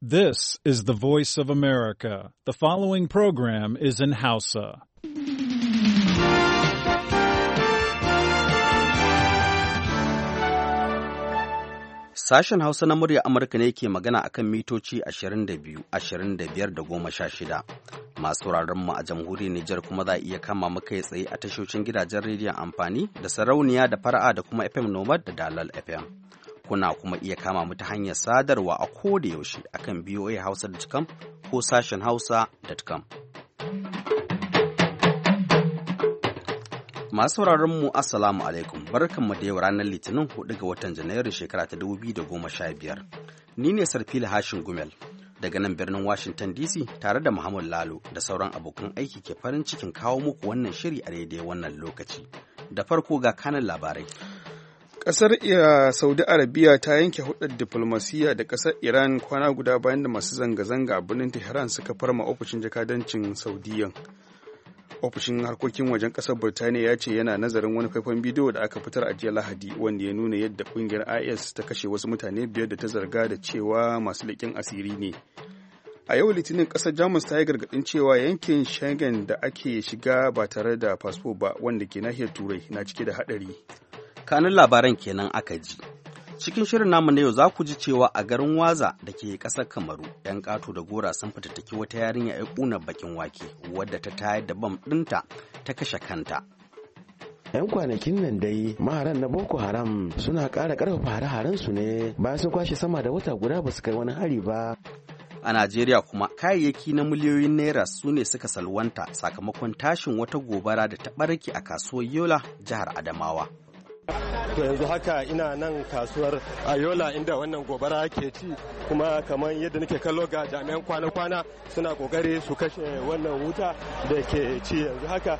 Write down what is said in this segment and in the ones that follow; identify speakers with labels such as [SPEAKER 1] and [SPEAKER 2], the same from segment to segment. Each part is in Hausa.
[SPEAKER 1] This is the voice of America. The following program is in Hausa.
[SPEAKER 2] Sashen Hausa na murya Amurka ne ke magana akan mitoci 22, 25 da 16. Masu mu a jamhuriyar Nijar kuma za a iya kama muka kai tsaye a tashoshin gidajen rediyon amfani da sarauniya da fara'a da kuma FM Nomad da Dalal FM. kuna kuma iya kama mu ta hanyar sadarwa a koda yaushe akan voahausa.com ko sashen hausa.com. Masu sauraron mu Assalamu alaikum barkanmu da yau ranar Litinin hudu ga watan janairu shekara ta dubu biyu da goma sha biyar, Ni ne Sarfila Hashin Gumel daga nan birnin Washington DC tare da Muhammad Lalo da sauran abokan aiki ke farin cikin kawo muku wannan shiri a daidai wannan lokaci. Da farko ga kanan labarai.
[SPEAKER 3] Ƙasar Saudi Arabiya ta yanke hudar diflomasiyya da ƙasar Iran kwana guda bayan da masu zanga-zanga a birnin Tehran suka farma ofishin jakadancin Saudiyan. Ofishin harkokin wajen ƙasar Birtaniya ya ce yana nazarin wani faifan bidiyo da aka fitar a jiya Lahadi wanda ya nuna yadda ƙungiyar IS ta kashe wasu mutane biyar da ta zarga da cewa masu leƙen asiri ne. a yau litinin kasar jamus ta yi gargadin cewa yankin schengen da
[SPEAKER 2] ake shiga ba tare da fasfo ba wanda ke nahiyar turai na cike da haɗari. tsakanin labaran kenan aka ji. Cikin shirin namu na yau za ku ji cewa a garin Waza da ke ƙasar Kamaru, 'yan ƙato da gora sun fitattaki wata yarinya ya ƙunar bakin wake wadda ta tayar da bam ɗinta ta kashe kanta.
[SPEAKER 4] 'yan kwanakin nan dai maharan na boko haram suna ƙara ƙarfafa hare-haren su ne bayan sun kwashe sama da wata guda ba su kai wani hari ba
[SPEAKER 2] a najeriya kuma kayayyaki na miliyoyin naira su ne suka salwanta sakamakon tashin wata gobara da ta ɓarke a kasuwar yola jihar adamawa
[SPEAKER 5] To yanzu haka ina nan kasuwar Ayola inda wannan gobara ke ci kuma kamar yadda nake kallo ga jami'an kwana-kwana suna kokari su kashe wannan wuta da ke
[SPEAKER 2] ci yanzu haka.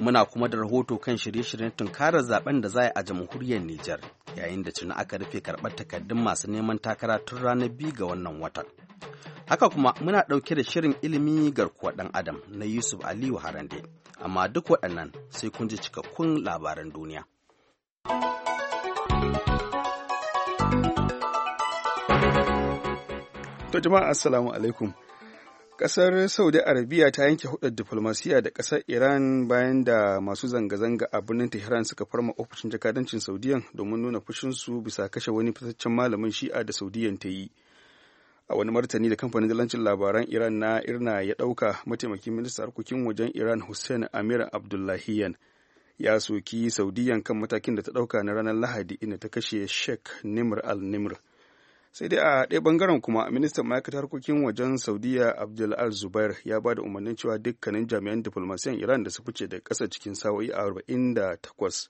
[SPEAKER 2] Muna kuma da rahoto kan shirye-shiryen tunkarar zaben da za a jamhuriyar Nijar yayin da tuni aka rufe karɓar takardun masu neman takara tun ranar biyu ga wannan watan. Haka kuma muna ɗauke da shirin ilimi garkuwa ɗan Adam na Yusuf Aliyu Harande, amma duk waɗannan sai kun ji cikakkun labaran duniya.
[SPEAKER 3] To jama'a assalamu alaikum. Kasar Saudi Arabia ta yanke hudar diflomasiyya da kasar Iran bayan da masu zanga-zanga a birnin Tehran suka farma ofishin jakadancin Saudiyan domin nuna fushin su bisa kashe wani fitaccen malamin Shi'a da Saudiyan ta yi. A wani martani da kamfanin dalancin labaran Iran na Irna ya ɗauka mataimakin ministan harkokin wajen Iran Hussein Amir Abdullahiyan. ya soki saudiyan kan matakin da ta ɗauka na ranar lahadi inda ta kashe sheikh nimr al nimr sai dai a ɗaya bangaren kuma ministan ma'aikatar harkokin wajen saudiya abdul al zubair ya ba da umarnin cewa dukkanin jami'an diflomasiyan iran da su fice da ƙasa cikin sa'o'i arba'in da takwas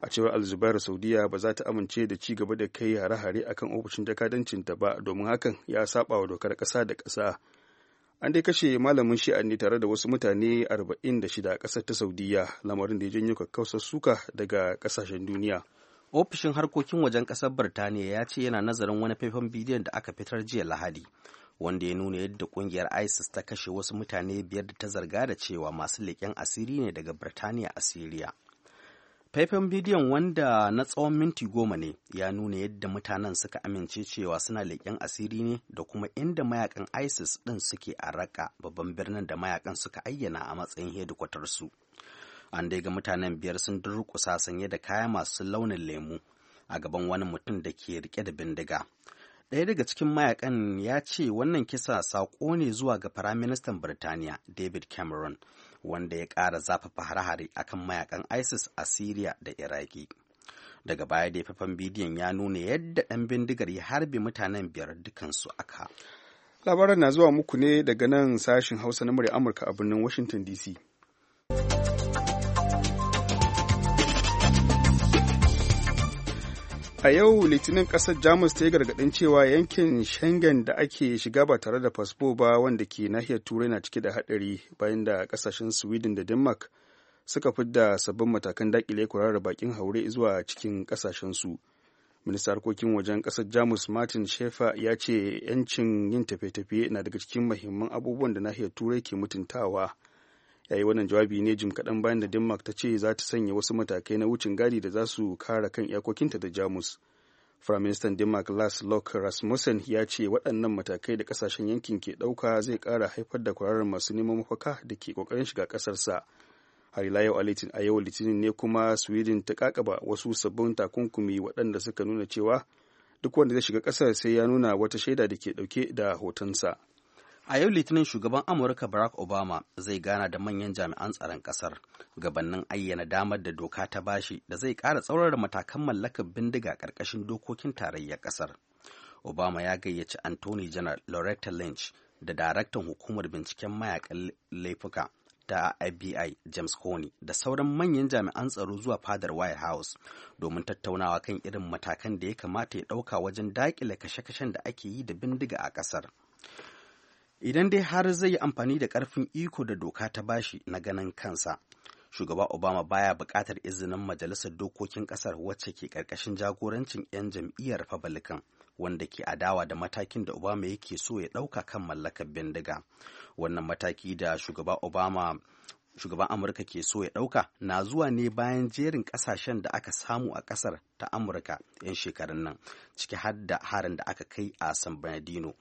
[SPEAKER 3] a cewar al zubair saudiya ba za ta amince da ci gaba da kai hare-hare akan ofishin jakadancin ta ba domin hakan ya saba wa dokar ƙasa da ƙasa an dai kashe malamin shi'a ne tare da wasu mutane 46 a ƙasar ta saudiya lamarin da ya janyo kakkausar suka daga ƙasashen duniya
[SPEAKER 2] ofishin harkokin wajen ƙasar birtaniya ya ce yana nazarin wani faifan bidiyon da aka fitar jiya lahadi wanda ya nuna yadda kungiyar isis ta kashe wasu mutane biyar da ta zarga da cewa masu leƙen asiri ne daga birtaniya a siriya faifan bidiyon wanda na tsawon minti goma ne ya nuna yadda mutanen suka amince cewa suna leƙen asiri ne da kuma inda mayakan isis ɗin suke a raka babban birnin da mayakan suka ayyana a matsayin hedikwatarsu an dai ga mutanen biyar sun durƙusa sanye da kaya masu launin lemu a gaban wani mutum da ke rike da bindiga ɗaya daga cikin mayakan ya ce wannan kisa saƙo ne zuwa ga firaministan birtaniya david cameron wanda ya ƙara zafafa hare-hare akan mayakan isis a syria da iraki daga baya da faifan bidiyon ya nuna yadda ɗan bindigar ya harbe mutanen biyar dukansu aka labaran na zuwa muku ne daga nan sashin hausa na murya amurka a birnin washington dc
[SPEAKER 3] A yau Litinin ƙasar Jamus ta yi gargaɗin cewa yankin Schengen da ake shiga ba tare da fasfo ba wanda ke nahiyar Turai na cike da haɗari bayan da kasashen Sweden da Denmark suka fidda sabbin matakan daƙile kurarar bakin haure zuwa cikin kasashen su Minista harkokin wajen kasar Jamus Martin Sheffer ya ce 'yancin yin tafiye-tafiye na daga cikin mahimman abubuwan da nahiyar Turai ke mutuntawa. ya yi wannan jawabi ne jim kaɗan bayan da denmark ta ce za ta sanya wasu matakai na wucin gadi da za su kare kan iyakokinta da jamus firaministan denmark lars lok rasmussen ya ce waɗannan matakai da ƙasashen yankin ke ɗauka zai ƙara haifar da kwararar masu neman mafaka da ke ƙoƙarin shiga ƙasarsa har ila yau a yau litinin ne kuma sweden ta kakaba wasu sabbin takunkumi waɗanda suka nuna cewa duk wanda zai shiga ƙasar sai ya nuna wata shaida da ke ɗauke
[SPEAKER 2] da hotonsa A yau Litinin shugaban Amurka Barack Obama zai gana da manyan jami'an tsaron ƙasar gabanin ayyana damar da doka ta bashi da zai ƙara tsaurara matakan mallakar bindiga ƙarƙashin dokokin tarayyar ƙasar. Obama ya gayyaci Anthony General Loretta Lynch da daraktan hukumar binciken mayakan laifuka ta FBI James Coney da sauran manyan jami'an tsaro zuwa fadar White House domin tattaunawa kan irin matakan da ya kamata ya ɗauka wajen daƙile kashe-kashen da ake yi da bindiga a ƙasar. idan dai har zai yi amfani da ƙarfin iko da doka ta bashi na ganin kansa shugaba obama baya buƙatar izinin majalisar dokokin ƙasar wacce ke ƙarƙashin jagorancin 'yan jam'iyyar republican wanda ke adawa da matakin da obama yake so ya ɗauka kan mallakar bindiga wannan mataki da shugaba obama shugaban amurka ke so ya ɗauka na zuwa ne bayan jerin ƙasashen da aka samu a ƙasar ta amurka 'yan shekarun nan ciki har da harin da aka kai a san bernardino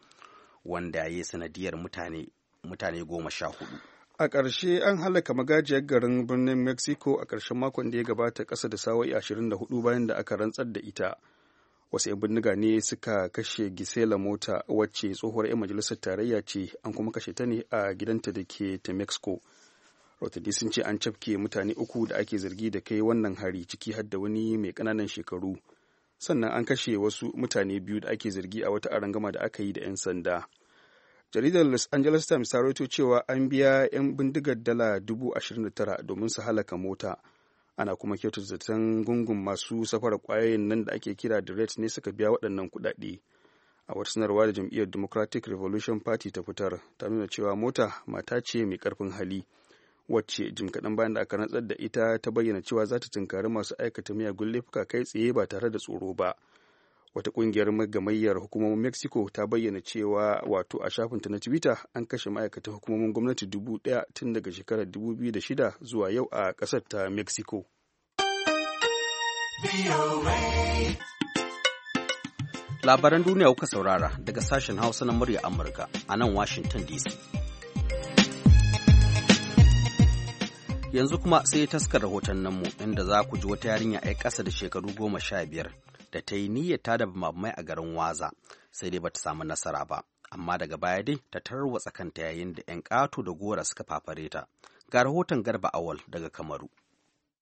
[SPEAKER 2] wanda ya yi sanadiyar mutane mutane goma sha hudu
[SPEAKER 3] a ƙarshe an halaka magajiyar garin birnin mexico a ƙarshen makon da ya gabata ƙasa da sawa'i ashirin hudu bayan da aka rantsar da ita wasu 'yan bindiga ne suka kashe gisela mota wacce tsohuwar 'yan majalisar tarayya ce an kuma kashe ta ne a gidanta da ke ta mexico rotadi sun ce an cafke mutane uku da ake zargi da kai wannan hari ciki har da wani mai ƙananan shekaru sannan an kashe wasu mutane biyu da ake zargi a wata arangama da aka yi da 'yan sanda jaridar los angeles times ta rawaito cewa an biya 'yan bindigar dala 29,000 domin su halaka mota ana kuma kyautata zaton gungun masu safara kwayoyin nan da ake kira direct ne suka biya waɗannan kuɗaɗe a wata sanarwa da jam'iyyar democratic revolution party ta fitar ta nuna cewa mota mata ce mai karfin hali wacce jim kaɗan bayan da aka rantsar da ita ta bayyana cewa za ta tunkari masu aikata miyagun laifuka kai tsaye ba tare da tsoro ba wata ƙungiyar gamayyar hukumomin mexico ta bayyana cewa wato a shafinta na twitter an kashe ma'aikatan hukumomin gwamnati dubu ɗaya tun daga shekarar biyu da shida zuwa yau a ƙasar ta mexico
[SPEAKER 2] labaran duniya kuka saurara daga sashen hausa na murya amurka a nan washington dc yanzu kuma sai taskar mu inda za ku ji wata yarinya 'yan ƙasa da shekaru goma sha biyar da ta yi niyyar tada mamai a garin waza sai dai bata samu nasara ba amma daga baya dai ta tarwatsa kanta yayin da 'yan ƙato da gora suka fafare ta ga rahoton garba awal daga kamaru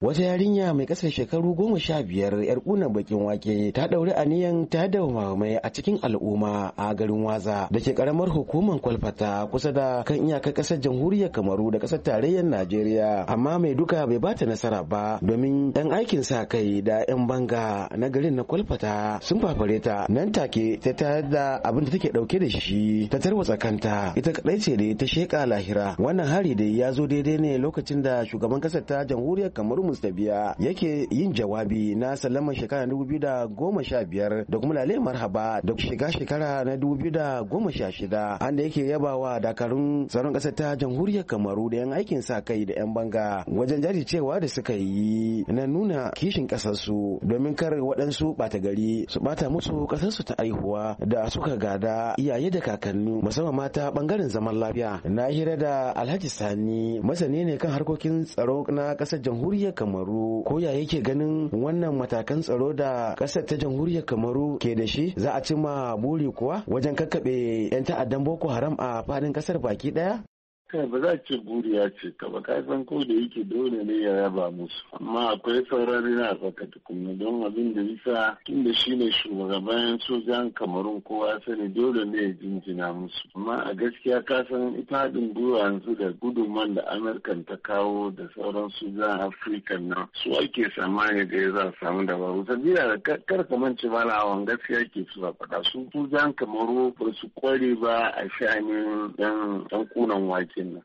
[SPEAKER 4] Wata yarinya mai kasar shekaru goma sha biyar yar kuna bakin wake ta ɗauri aniyan ta da mamai a cikin al'umma a garin Waza da ke karamar hukumar kwalfata kusa da kan iyakar kasar jamhuriyar Kamaru da kasar tarayyar Najeriya amma mai duka bai bata nasara ba domin 'yan aikin sa kai da yan banga na garin na kwalfata sun fafare ta nan take ta tayar da abin da take ɗauke da shi ta tarwatsa kanta ita kadai ce da ta sheka lahira wannan hari da ya zo daidai ne lokacin da shugaban kasar ta jamhuriyar Kamaru Yunus da yake yin jawabi na salaman shekara na dubu da goma sha biyar da kuma lale marhaba da shiga shekara na dubu biyu da goma sha shida anda yake yabawa dakarun tsaron ƙasar ta jamhuriyar kamaru da yan aikin sa kai da yan banga wajen cewa da suka yi na nuna kishin ƙasarsu domin kar waɗansu ɓata gari su bata musu ƙasarsu ta aihuwa da suka gada iyaye da kakanni musamman mata ɓangaren zaman lafiya na hira da alhaji sani masani ne kan harkokin tsaro na ƙasar jamhuriyar kamaru ko ya yake ganin wannan matakan tsaro da ƙasar ta jamhuriyar kamaru ke da shi za a cima buri kuwa wajen kakkaɓe 'yan ta'addan boko haram a faɗin ƙasar baki ɗaya
[SPEAKER 6] kai ba za ce buriya ce ka ba san ko da yake dole ne ya raba musu amma akwai saurari na saka tukunna don abin da bisa tun da shi ne shugaban sojan kamarun kowa sani dole ne ya jinjina musu amma a gaskiya ka san ita haɗin gwiwa yanzu da gudunman da amurkan ta kawo da sauran sojan afirka nan su ake samani da ya za a samu dabaru Sabida da kar ka mance malawan gaskiya ke su faɗa su sojan kamaru ba su kware ba a sha'anin dan kunan wake in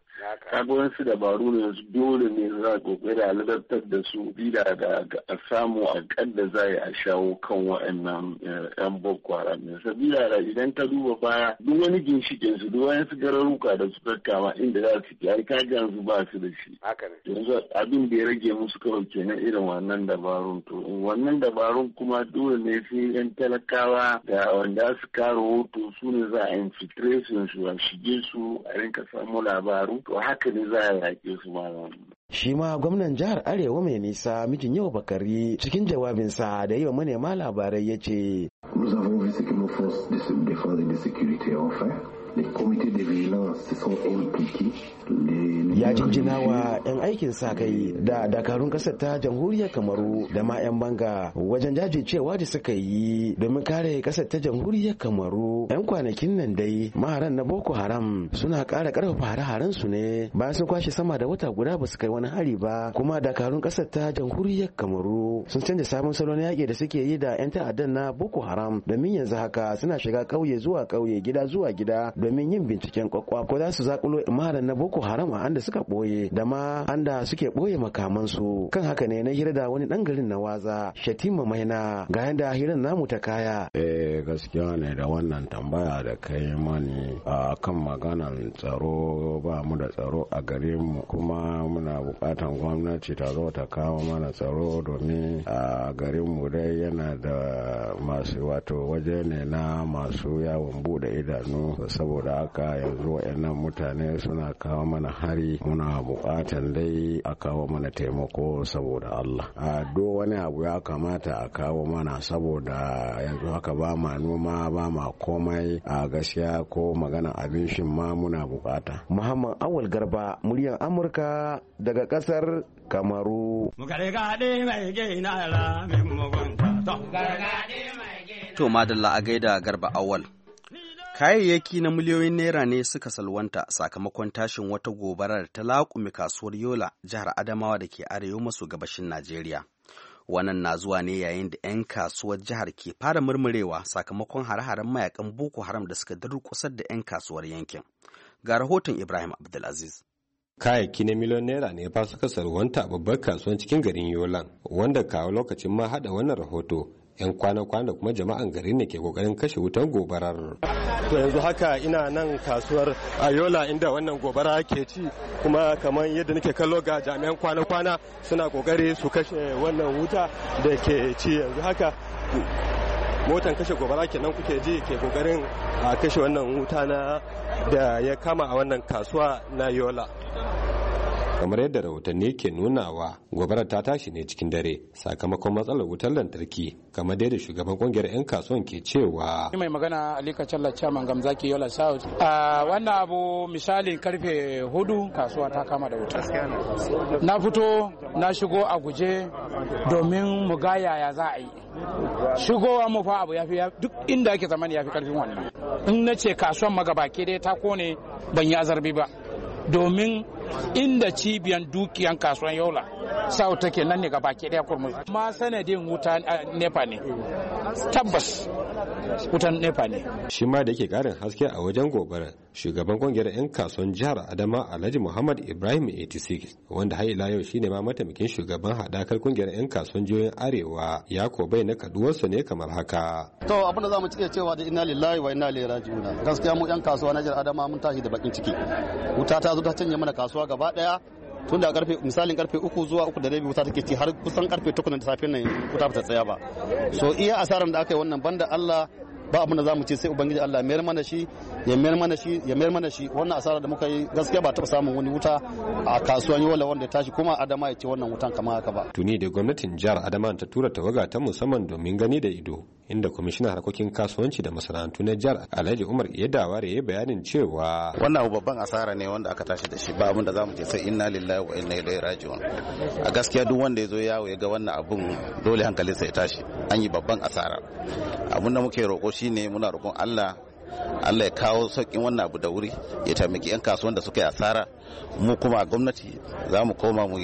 [SPEAKER 6] kaga wasu dabaru ne dole ne za a kokari a ladabtar da su bida da a samu a kadda za a shawo kan wa'annan eh, yan boko ne sabila da idan ka duba baya duk wani ginshikin su duk wani gararuka da su kama inda za su ke ai kaga su ba su da shi yanzu abin da ya rage musu kawai kenan irin wannan dabarun to wannan dabarun kuma dole ne sai yan talakawa da wanda su kare hoto su ne za a infiltrate su a shige su a rinka samu labaru to haka ne za a yaƙe su ma
[SPEAKER 4] Shi ma gwamnan jihar Arewa mai nisa mijin yau bakari cikin jawabinsa da yi wa manema labarai ya ce. the committee de vigilance sont impliqués. Les ya jinjina wa 'yan aikin sa kai da dakarun kasar ta jamhuriyar kamaru da ma 'yan banga wajen jajircewa da suka yi domin kare kasar ta jamhuriyar kamaru 'yan kwanakin nan dai maharan na boko haram suna ƙara ƙarfafa hare-haren su ne bayan sun kwashe sama da wata guda ba su kai wani hari ba kuma dakarun kasar ta jamhuriyar kamaru sun canza sabon salon yaƙi da suke yi da 'yan ta'addan na boko haram domin yanzu haka suna shiga ƙauye zuwa ƙauye gida zuwa gida domin yin binciken kwakwa ko za su zakulo maharan na boko haram a anda suka suka ɓoye da ma anda suke ɓoye makamansu kan haka ne na hira da wani ɗan garin na waza shatima maina ga yadda hirar namu ta kaya. eh gaskiya ne da wannan tambaya da kai mani a kan maganan tsaro ba mu da tsaro a gare mu kuma muna buƙatan gwamnati ta zo ta kawo mana tsaro domin a garin mu dai yana da masu wato waje ne na masu yawon bude idanu saboda haka yanzu wa'annan mutane suna kawo mana hari muna buƙatan dai a kawo mana taimako saboda Allah a do wani abu ya kamata a kawo mana saboda yanzu haka ba ma noma ba ma komai a gaskiya ko magana abin shin ma muna buƙata Muhammad Awal Garba muryar Amurka
[SPEAKER 2] daga ƙasar Kamaru To madalla a gaida garba awal kayayyaki na miliyoyin naira ne suka salwanta sakamakon tashin wata gobarar ta laƙumi kasuwar yola jihar adamawa da ke arewa maso gabashin najeriya wannan na zuwa ne yayin da 'yan kasuwar jihar ke fara murmurewa sakamakon hare-haren mayakan boko haram da suka durƙusar da 'yan kasuwar yankin ga rahoton ibrahim abdulaziz kayayyaki na miliyon naira
[SPEAKER 5] ne fa suka salwanta a babbar kasuwar cikin garin yolan wanda kawo lokacin ma hada wannan rahoto 'yan kwana-kwana da kuma jama'an garin ne ke kokarin kashe wutar gobarar. To yanzu haka ina nan kasuwar Ayola inda wannan gobara ke ci kuma kamar yadda nake kallo ga jami'an kwana-kwana suna kokari su kashe wannan wuta da ke ci yanzu haka motan kashe gobara kenan kuke ji ke kokarin a kashe wannan wuta na da ya kama a wannan kasuwa na Yola. kamar yadda rahotanni ke nunawa gobarar ta tashi ne cikin dare sakamakon matsalar wutar lantarki kamar dai da shugaban kungiyar 'yan kasuwan ke cewa
[SPEAKER 4] mai magana alika challa chairman gamzaki yola south a wannan abu misali karfe hudu kasuwa ta kama da wuta na fito na shigo a guje domin mu ga yaya za a yi shigowa mu fa abu yafi duk inda ake zamani yafi karfin wannan in na ce kasuwan magabaki dai ta kone ban ya zarbi ba domin inda cibiyan dukiyan kasuwan yola sau take nan ne ga baki daya kurmi ma sanadin wuta nepa ne tabbas
[SPEAKER 5] wutan nepa ne shi ma da yake karin haske a wajen gobara shugaban kungiyar 'yan kasuwan jihar adama alhaji muhammad ibrahim 86 wanda har ila yau shine ma mataimakin shugaban hadakar kungiyar 'yan kasuwan jihohin arewa ya ko bai na kaduwarsu ne kamar haka
[SPEAKER 2] to abin da za mu cike cewa da inna lillahi wa inna ilaihi raji'un gaskiya mu 'yan kasuwa na jihar adama mun tashi da bakin ciki wuta ta zo ta canye mana kasuwa kasuwa gaba daya tun da karfe misalin karfe uku zuwa uku da rabi wuta take ci har kusan karfe 8 na safin nan wuta ba ta tsaya ba so iya asaran da aka yi wannan banda Allah ba abin da zamu ce sai ubangiji Allah ya mayar mana shi ya mayar mana shi ya mayar mana shi wannan asara da muka yi gaskiya ba taɓa samun wani wuta a kasuwan yola wanda ya tashi kuma Adama ya ce wannan wutan kamar haka ba
[SPEAKER 5] tuni da gwamnatin jihar Adama ta tura tawaga ta musamman domin gani da ido inda kwamishinan harkokin kasuwanci da masana'antu na jihar Alhaji Umar iya ya yi bayanin cewa wannan babban asara ne wanda aka tashi da shi ba abin da zamu ce sai inna lillahi wa
[SPEAKER 4] inna ilaihi raji'un a gaskiya duk wanda ya zo yawo ya ga wannan abun dole hankalinsa ya tashi an yi babban asara abin da muke roƙo shine muna roƙon Allah Allah ya kawo sauƙin wannan abu da wuri ya taimaki 'yan kasuwan da suka yi asara mu kuma a gwamnati za mu koma mu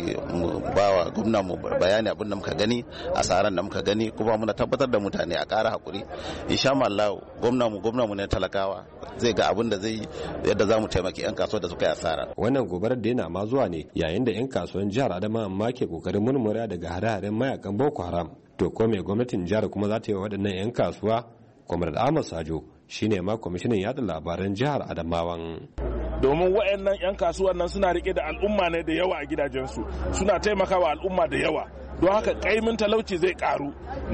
[SPEAKER 4] ba wa gwamna mu bayani abin da muka gani asaran da muka gani kuma muna tabbatar da mutane a ƙara hakuri insha Allah gwamna mu gwamna mu ne talakawa zai ga abin
[SPEAKER 7] da
[SPEAKER 5] zai yadda za mu taimaki 'yan kasuwan da suka yi asara wannan gobarar da yana ma zuwa ne yayin da 'yan kasuwan jihar adama amma ke kokarin murmura daga hare-haren mayakan Boko Haram to ko me gwamnatin jihar kuma za ta yi wa waɗannan 'yan kasuwa comrade ahmad sajo shine ma kwamishinan yada labaran jihar adamawan domin wa'annan 'yan kasuwan nan suna rike da al'umma ne da yawa a
[SPEAKER 8] gidajensu suna taimakawa al'umma da yawa don haka kaimin talauci zai karu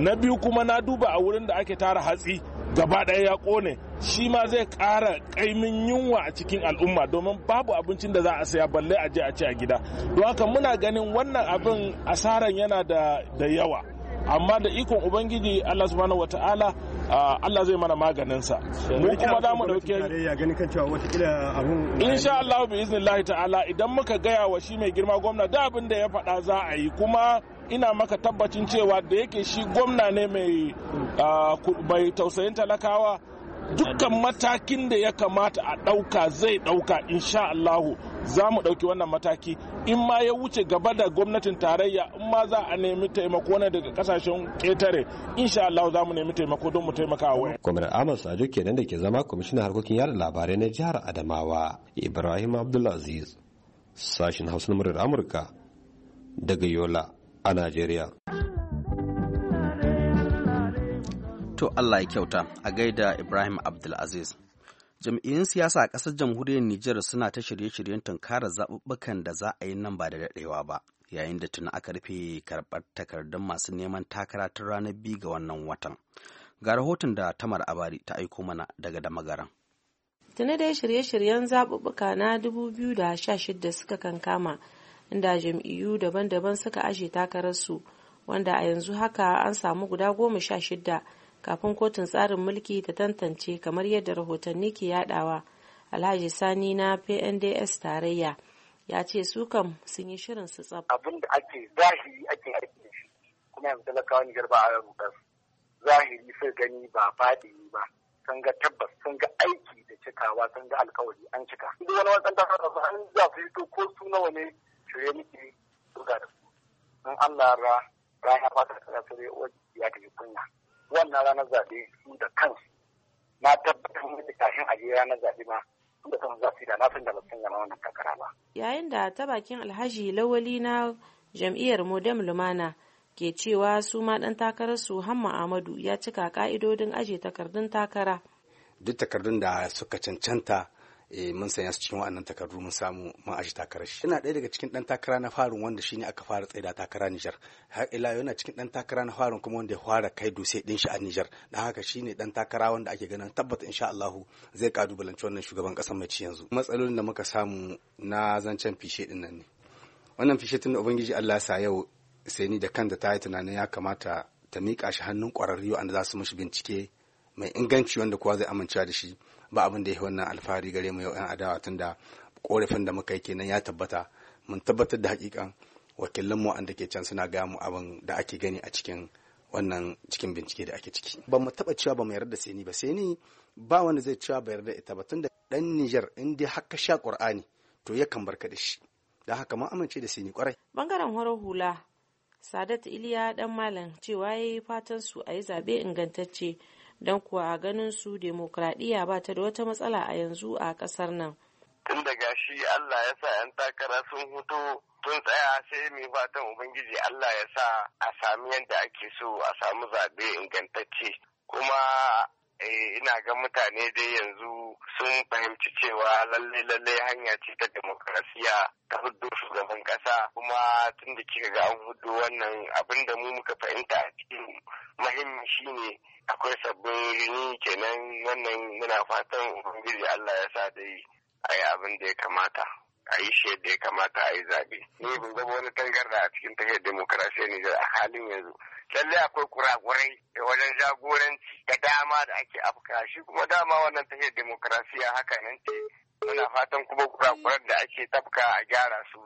[SPEAKER 8] na biyu kuma na duba a wurin da ake tara hatsi gaba ɗaya ya ƙone shi ma zai ƙara ƙaimin yunwa a cikin al'umma domin babu abincin da za a saya balle a je a ci a gida don haka muna ganin wannan abin asaran yana da yawa amma da ikon ubangiji Allah subhanahu wataala Allah zai mana maganinsa mu kuma za mu dauke insha Allah bi iznillahi ta'ala idan muka gaya wa shi mai girma gwamna da abin da ya faɗa za a yi kuma ina maka tabbacin cewa da yake shi gwamna ne mai tausayin talakawa dukkan matakin da ya kamata a ɗauka zai ɗauka insha Allahu za mu ɗauki wannan mataki in ma ya wuce gaba da gwamnatin tarayya in ma za a nemi taimako ne daga kasashen ƙetare insha Allah za mu nemi taimako don mu taimaka wa wani.
[SPEAKER 5] Kwamitin Ahmad Sajo kenan da ke zama kwamishinan harkokin yada labarai na jihar Adamawa Ibrahim Abdulaziz sashen Hausa na Amurka
[SPEAKER 2] daga Yola a Najeriya. To Allah ya kyauta a gaida Ibrahim Abdulaziz. Jam'iyyun siyasa a ƙasar jamhuriyar Nijar suna ta shirye-shiryen tunkarar zaɓuɓɓukan da za a yi nan ba da daɗewa ba, yayin da tuni aka rufe karɓar takardun masu neman takara tun ranar biyu ga wannan watan. Ga rahoton da Tamar Abari ta aiko mana daga Damagaran.
[SPEAKER 9] Tuni dai shirye-shiryen zaɓuɓɓuka na 2016 suka kankama, inda jam'iyyu daban-daban suka ashe takararsu, wanda a yanzu haka an samu guda goma sha shida kafin kotun tsarin mulki ta tantance kamar yadda rahotanni ke yadawa alhaji sani na pnds tarayya ya ce su kam sun yi shirin su tsab
[SPEAKER 6] abin da ake zahiri ake aiki shi kuma yanzu talakawa a zahiri sun gani ba faɗi ba sun ga tabbas sun ga aiki da cikawa sun ga alkawari an cika duk wani wasan ta an za su fito ko su nawa ne shirye muke duka da su in Allah ra ya fata ta ya ta kunya wannan ranar zaɓe su da kansu na tabbatar da kafin a je ranar zaɓe ma su da kansu za su yi da na san da ba yana wannan takara ba.
[SPEAKER 9] Yayin da ta bakin Alhaji Lawali na jam'iyyar Modem Lumana ke cewa su ma ɗan su Hamma Amadu ya cika ka'idodin ajiye takardun takara.
[SPEAKER 7] Duk takardun da suka cancanta Eh, mun sanya su cikin wa'annan takardu mun samu mun aji takarar shi ina ɗaya daga cikin ɗan takara na farin wanda shi ne aka fara tsaida takara Nijar har ila yana cikin ɗan takara na farin kuma wanda ya fara kai dutse ɗin shi a Nijar dan haka shi ne ɗan takara wanda ake ganin tabbata insha Allahu zai kalubalanci wannan shugaban ƙasar mai ci yanzu matsalolin da muka samu na zancen fishe ɗin nan ne wannan fishe tun da ubangiji Allah sa yau sai ni da kanta ta yi tunanin ya kamata ta miƙa shi hannun ƙwararru wanda za su mishi bincike mai inganci wanda kowa zai amince da shi ba abin da ya wannan alfahari gare mu yau yan adawa tun da korafin da muka yi kenan ya tabbata mun tabbatar da hakikan wakilan mu an da ke can suna gaya mu abin da ake gani a cikin wannan cikin bincike da ake ciki ba mu taba cewa ba mu yarda sai ni ba sai ni ba wanda zai cewa ba yarda ita ba tun da dan Niger in dai haka sha Qur'ani to yakan barka da shi da haka mun amince da sai ni kwarai
[SPEAKER 9] bangaren horo hula Sadat Iliya dan Malam cewa yayi fatan su a yi zabe ingantacce don kuwa a ganin su demokradiyya ba ta da wata matsala a yanzu a ƙasar nan.
[SPEAKER 6] Tun daga shi Allah ya sa 'yan takara sun hutu tun tsaya sai mai fatan Ubangiji Allah ya sa a sami yadda ake so a samu zaɓe ingantacce. Kuma Eh, ina ga mutane dai yanzu sun fahimci cewa lalle lalle hanya ce ta demokrasiya ta hudu shugaban kasa kuma tun da kika ga an hudu wannan abin da mu muka fahimta a cikin muhimmi shine akwai sabbin rini kenan wannan muna fatan ubangiji Allah ya sa dai a yi abin da ya kamata. a yi shi yadda ya kamata a yi zaɓe. Ni ban ga wani tangarda a cikin tafiyar demokarasiyar Nijar a halin yanzu. Lallai akwai kurakurai da wajen jagoranci da dama da ake afka shi kuma dama wannan tafiyar demokarasiya haka nan ce. Muna fatan kuma kurakuran da ake tafka a gyara su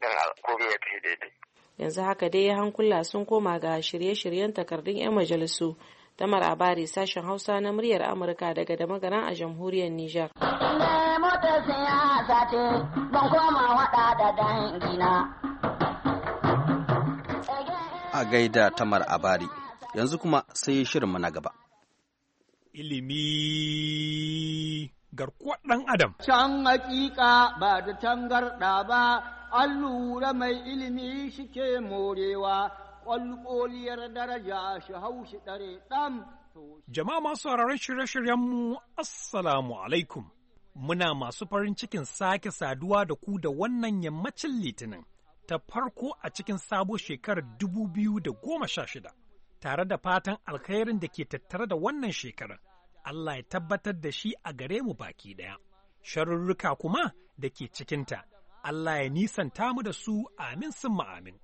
[SPEAKER 6] don komai ya tafi daidai.
[SPEAKER 9] Yanzu haka dai hankula sun koma ga shirye-shiryen takardun 'yan majalisu Tamar Abari sashen Hausa na muryar Amurka daga da magana a jamhuriyar Nijar.
[SPEAKER 2] A gaida Tamar Abari, yanzu kuma sai shirinmu na gaba.
[SPEAKER 1] Ilimi garkuwar ɗan Adam.
[SPEAKER 2] Can hakika ba da tangarɗa ba, an lura mai ilimi shike morewa ƙwalƙoliyar daraja shi ɗare
[SPEAKER 1] Jama'a masu sauraron shirye-shiryenmu, Assalamu alaikum. Muna masu farin cikin sake saduwa da ku da wannan yammacin litinin ta farko a cikin sabo shekarar dubu biyu da goma sha shida, tare da fatan alkhairin da ke tattare da wannan shekarar. Allah ya tabbatar da shi a gare mu baki ɗaya. Sharurruka kuma da ke cikinta, Allah ya nisanta mu da su amin sun amin.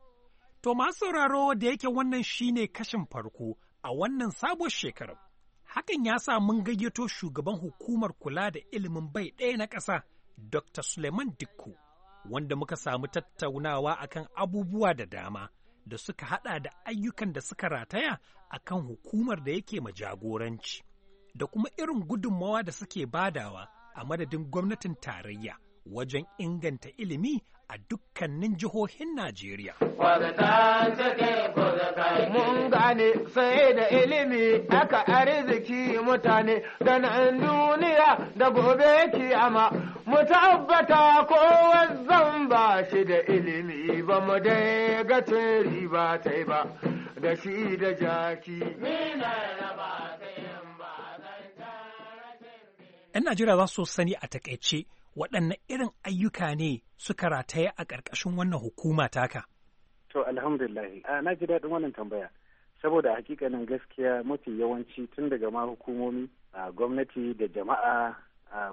[SPEAKER 1] To masu sauraro da yake wannan shine kashin farko a wannan sabon shekarar. Hakan ya sa mun gayyato shugaban hukumar kula da ilimin bai ɗaya na ƙasa, Dr. Suleiman Dikko, wanda muka samu tattaunawa akan abubuwa da dama da suka haɗa da ayyukan da suka rataya akan hukumar da yake majagoranci, da kuma irin gudunmawa da suke badawa a madadin gwamnatin tarayya wajen inganta ilimi a dukkanin jihohin Najeriya.
[SPEAKER 4] Mun gane sai da ilimi aka arziki mutane da nan duniya da gobe kiyama mu tabbata ko zan ba shi da ilimi ba
[SPEAKER 1] mu dai ga ba ta ba da shi da jaki. 'yan Najeriya za su sani a takaice waɗanne irin ayyuka ne suka rataye a ƙarƙashin wannan hukuma taka?
[SPEAKER 10] To alhamdulillah, na ji daɗin wannan tambaya. Saboda hakikanin gaskiya mafi yawanci tun daga ma hukumomi, a gwamnati da jama'a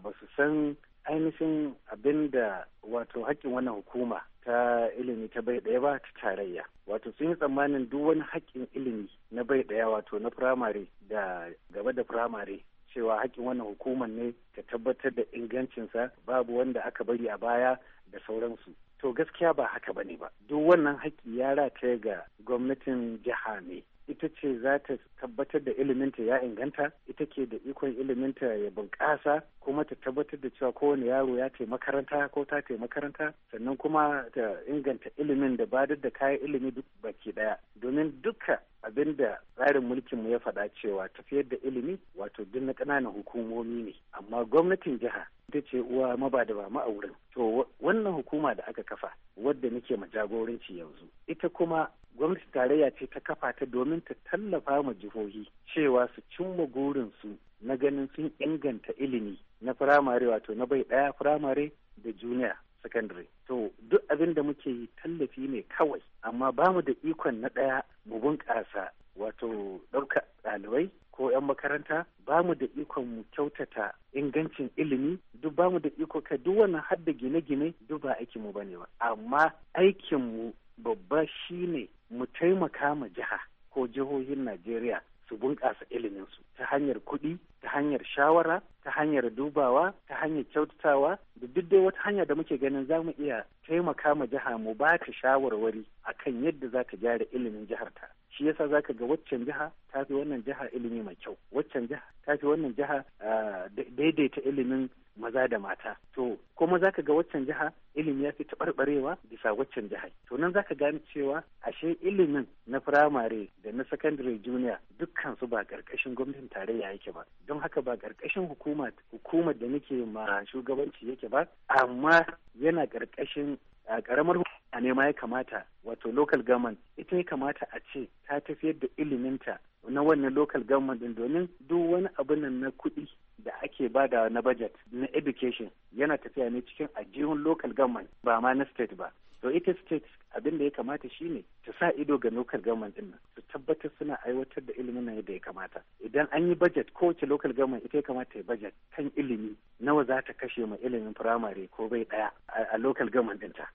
[SPEAKER 10] ba su san ainihin abin da wato haƙƙin wannan hukuma ta ilimi ta bai ɗaya ba ta tarayya. Wato sun yi tsammanin duk wani haƙƙin ilimi na bai ɗaya wato na firamare da gaba da firamare cewa haƙƙin wannan hukumar ne ta tabbatar da ingancinsa babu wanda aka bari a baya da sauransu to gaskiya ba haka bane ba duk wannan haƙƙi ya rataya ga gwamnatin jiha ne ita ce za ta tabbatar da iliminta ya inganta ita ke da ikon iliminta ya bunƙasa kuma ta tabbatar da cewa kowane yaro ya ce makaranta ko ta ce makaranta sannan kuma ta inganta ilimin da ba da kayan ilimi duk baki ɗaya domin duka abin da tsarin mulkinmu ya faɗa cewa tafiyar da ilimi wato duk na ƙananan hukumomi ne amma gwamnatin jiha ita ce uwa maba da ba wurin, to wannan hukuma da aka kafa wadda nake ma jagoranci yanzu ita kuma gwamnati tarayya ce ta kafa ta domin ta tallafa ma jihohi cewa su cimma burinsu na ganin sun inganta ilimi na firamare wato na bai ɗaya firamare da juniya secondary to duk abin da muke yi tallafi ne kawai amma ba mu da ikon na ɗaya mu bunƙasa wato ɗaukar ɗalibai ko 'yan makaranta ba mu da ikon mu kyautata ingancin ilimi duk ba mu da iko ka duk wannan hadda gine-gine duk ba aikinmu ba ne ba amma aikinmu babba shi ne. mu taimaka ma jiha ko jihohin Najeriya su bunƙasa iliminsu ta hanyar kuɗi, ta hanyar shawara, ta hanyar dubawa, ta hanyar kyautatawa da duk dai wata hanya da muke ganin za mu iya taimaka ma jiha mu ba ta shawarwari akan yadda za ta gyara ilimin jiharta. shi yasa zaka ga waccan jiha ta fi wannan jiha ilimi mai kyau waccan jiha ta fi wannan jiha ah, daidaita ilimin maza da mata to kuma zaka ga waccan jiha ilimi ya fi taɓarɓarewa bisa waccan jiha to nan ka gane cewa ashe ilimin na firamare da na sakandare junior dukkan su ba ƙarƙashin gwamnatin tarayya yake ba don haka ba ƙarƙashin hukuma hukumar da nake ma shugabanci yake ba amma yana ƙarƙashin ah, ƙaramar a nema ya kamata wato local government ita ya kamata a ce ta tafiyar da iliminta na wannan local government din domin duk wani abin na kuɗi da ake bada na budget na education yana tafiya ne cikin ajihun local government ba ma na state ba to ita state abin da ya kamata shine ta sa ido ga local government din nan su tabbatar suna aiwatar da ilimin nan yadda ya kamata idan an yi budget kowace local government ita ya kamata ya budget kan ilimi nawa za ta kashe ma ilimin primary ko bai daya a local government ta.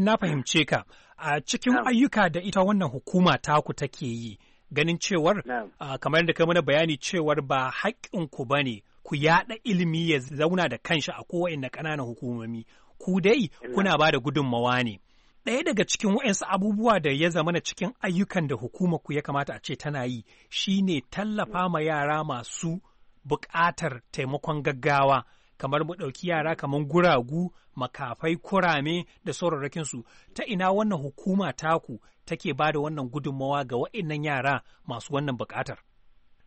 [SPEAKER 1] na fahimce ka a cikin ayyuka da ita wannan hukuma taku take yi ganin cewar kamar yadda kai mana bayani cewar ba haƙƙinku ba ne ku yaɗa ilimi ya zauna da kanshi a kowane ƙananan hukumomi ku dai kuna ba da gudunmawa ne ɗaya daga cikin waɗansu abubuwa da ya zama na cikin ayyukan da hukumar ku ya kamata a ce tana yi shine tallafa ma yara masu buƙatar taimakon gaggawa kamar mu ɗauki yara kamar guragu makafai kurame da su ta ina wannan hukuma taku take ba da wannan gudunmawa ga waɗannan yara masu wannan buƙatar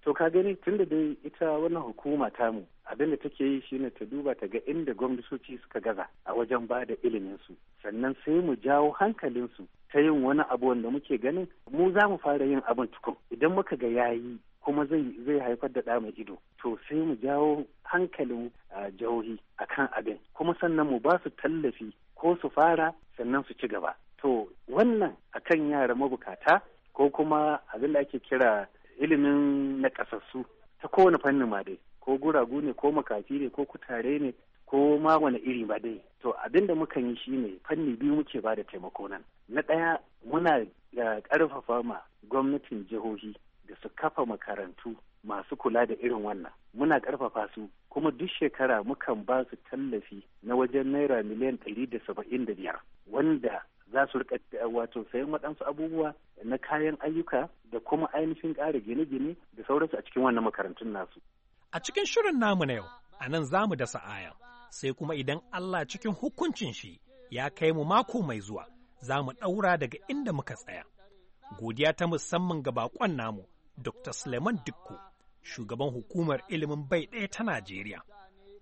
[SPEAKER 10] to ka gani tun da dai ita wannan hukuma tamu abin da take yi shine ta duba ta ga inda gwamnatoci suka gaza a wajen ba da iliminsu sannan sai mu jawo hankalinsu ta yin wani abu wanda muke ganin mu za mu fara yin abin tukun idan muka ga yayi kuma zai haifar da ɗa mai ido to sai mu jawo hankalin jihohi a kan abin kuma sannan mu ba su tallafi ko su fara sannan su ci gaba to wannan a kan yara mabukata ko kuma abin da ake kira ilimin nakasassu ta kowane fannin ma dai ko guragu ne ko makafi ne ko kutare ne ko ma wani iri ba dai to abin da mukan yi shine fanni biyu muke ba da taimako nan na ɗaya muna ƙarfafa ma gwamnatin jihohi da su kafa makarantu masu kula da irin wannan muna ƙarfafa su kuma duk shekara mukan ba su tallafi na wajen naira miliyan ɗari da saba'in da biyar wanda za su rika eh, wato sayan waɗansu abubuwa na kayan ayyuka da kuma ainihin ƙara gine-gine da sauransu a cikin wannan makarantun nasu.
[SPEAKER 1] A cikin shirin namu na yau, a nan za mu dasa aya, sai kuma idan Allah cikin hukuncin shi ya kai mu mako mai zuwa, za mu ɗaura daga inda muka tsaya. Godiya ta musamman ga baƙon namu, Dr. Suleiman Dikko, shugaban hukumar ilimin bai ɗaya ta Najeriya.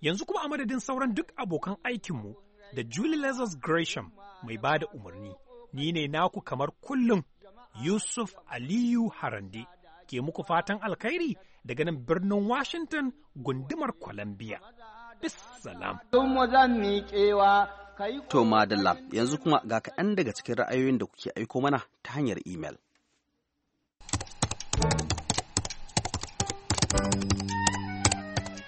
[SPEAKER 1] Yanzu kuma a madadin sauran duk abokan aikinmu da Julie Lazarus Gresham mai ba da umarni, ni ne naku kamar kullum Yusuf Aliyu Harande ke muku fatan alkhairi daga nan birnin Washington gundumar Columbia. Bissalam.
[SPEAKER 2] To Madalla, yanzu kuma ga kaɗan daga cikin ra'ayoyin da kuke aiko mana ta hanyar imel.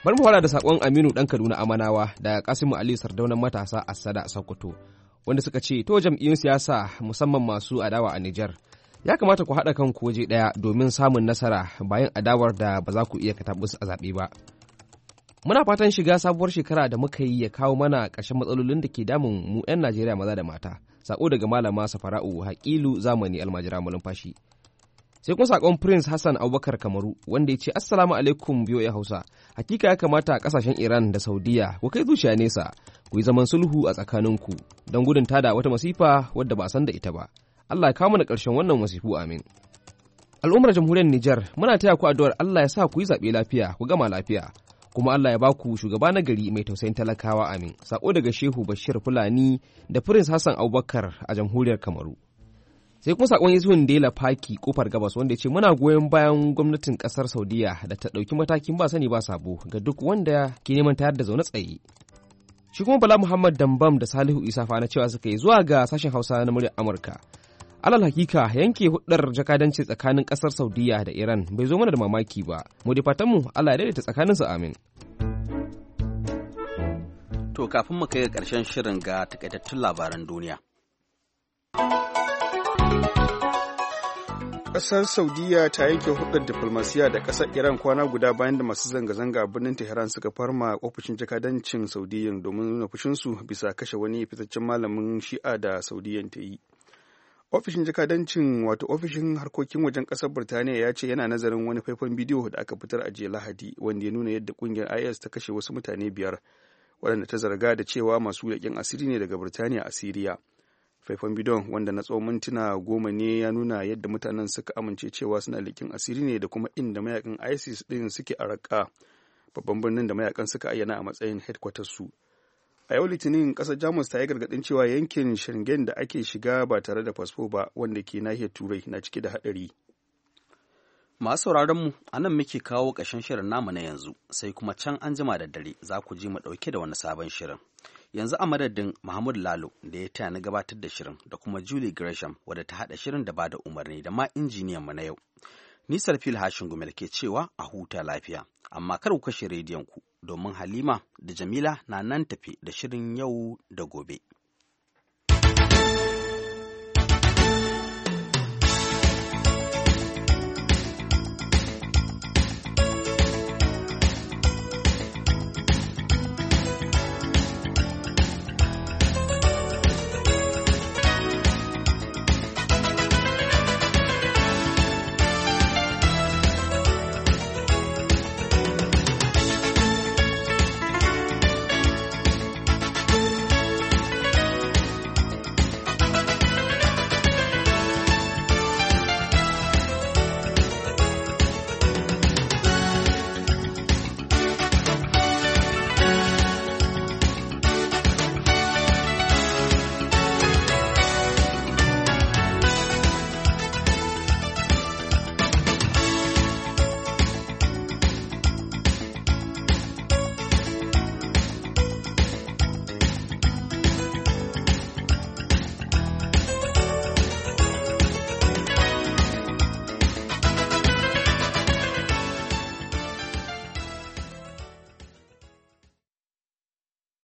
[SPEAKER 11] Bari mu fara da sakon Aminu dan Kaduna Amanawa da Kasimu Ali Sardaunan matasa a Sada Sokoto wanda suka ce to jam'iyyun siyasa musamman masu adawa a Nijar ya kamata ku haɗa kanku waje ɗaya domin samun nasara bayan adawar da ba za ku iya katabus a zaɓe ba. Muna fatan shiga sabuwar shekara da muka yi ya kawo mana ƙarshen matsalolin da ke damun mu 'yan Najeriya maza da mata. Sako daga Malama Safara'u Haƙilu Zamani Almajira Malumfashi. fashi. sai kuma sakon prince hassan abubakar kamaru wanda ya ce assalamu alaikum biyo ya hausa hakika ya kamata kasashen iran da saudiya ku kai zuciya nesa ku yi zaman sulhu a tsakaninku don gudun tada wata masifa wadda ba a san da ita ba allah ya kama mana karshen wannan masifu amin al'ummar jamhuriyar Nijar muna taya ku addu'ar allah ya sa ku yi zaɓe lafiya ku gama lafiya kuma Allah ya ba ku shugaba na gari mai tausayin talakawa amin sako daga shehu bashir fulani da prince hassan abubakar a jamhuriyar kamaru sai kuma sakon wanda ya faki kofar gabas wanda ya ce muna goyon bayan gwamnatin kasar saudiya da ta ɗauki matakin ba sani ba sabo ga duk wanda ke neman tayar da zaune tsaye shi kuma bala muhammad dambam da salihu isa fa na cewa suka yi zuwa ga sashen hausa na muryar amurka alal hakika yanke hudar jakadanci tsakanin kasar saudiya da iran bai zo mana da mamaki ba mu da fatanmu allah ya daidaita su amin
[SPEAKER 2] to kafin mu kai ga karshen shirin ga takaitattun labaran duniya
[SPEAKER 3] Ƙasar Saudiya ta yanke hudar diflomasiya da ƙasar Iran kwana guda bayan da masu zanga-zanga birnin Tehran suka farma ofishin jakadancin Saudiyan domin nuna fushinsu bisa kashe wani fitaccen malamin Shi'a da Saudiyan ta yi. Ofishin jakadancin wato ofishin harkokin wajen ƙasar Birtaniya ya ce yana nazarin wani faifan bidiyo da aka fitar a jiya Lahadi wanda ya nuna yadda kungiyar IS ta kashe wasu mutane biyar waɗanda ta zarga da cewa masu yaƙin asiri ne daga Birtaniya a Siriya. faifan bidon wanda na tsawon mintuna goma ne ya nuna yadda mutanen suka amince cewa suna likin asiri ne da kuma inda mayakan isis ɗin suke a raƙa babban birnin da mayakan suka ayyana a matsayin headquarters su a yau litinin ƙasar jamus ta yi gargaɗin cewa yankin shingen da ake shiga ba tare da
[SPEAKER 2] fasfo ba wanda ke nahiyar turai na cike da haɗari masu sauraron mu a nan muke kawo ƙarshen shirin namu na yanzu sai kuma can anjima da dare za ku ji mu ɗauke da wani sabon shirin yanzu a madadin Mahmud Lalo da ya taya ni gabatar da shirin da kuma Julie Gresham wadda ta haɗa shirin da bada umarni da ma injiniyan mu na yau. ni Sarfil hashin gumel ke cewa a huta lafiya, amma kar ku kashe rediyon ku domin Halima da Jamila na nan tafi da shirin yau da gobe.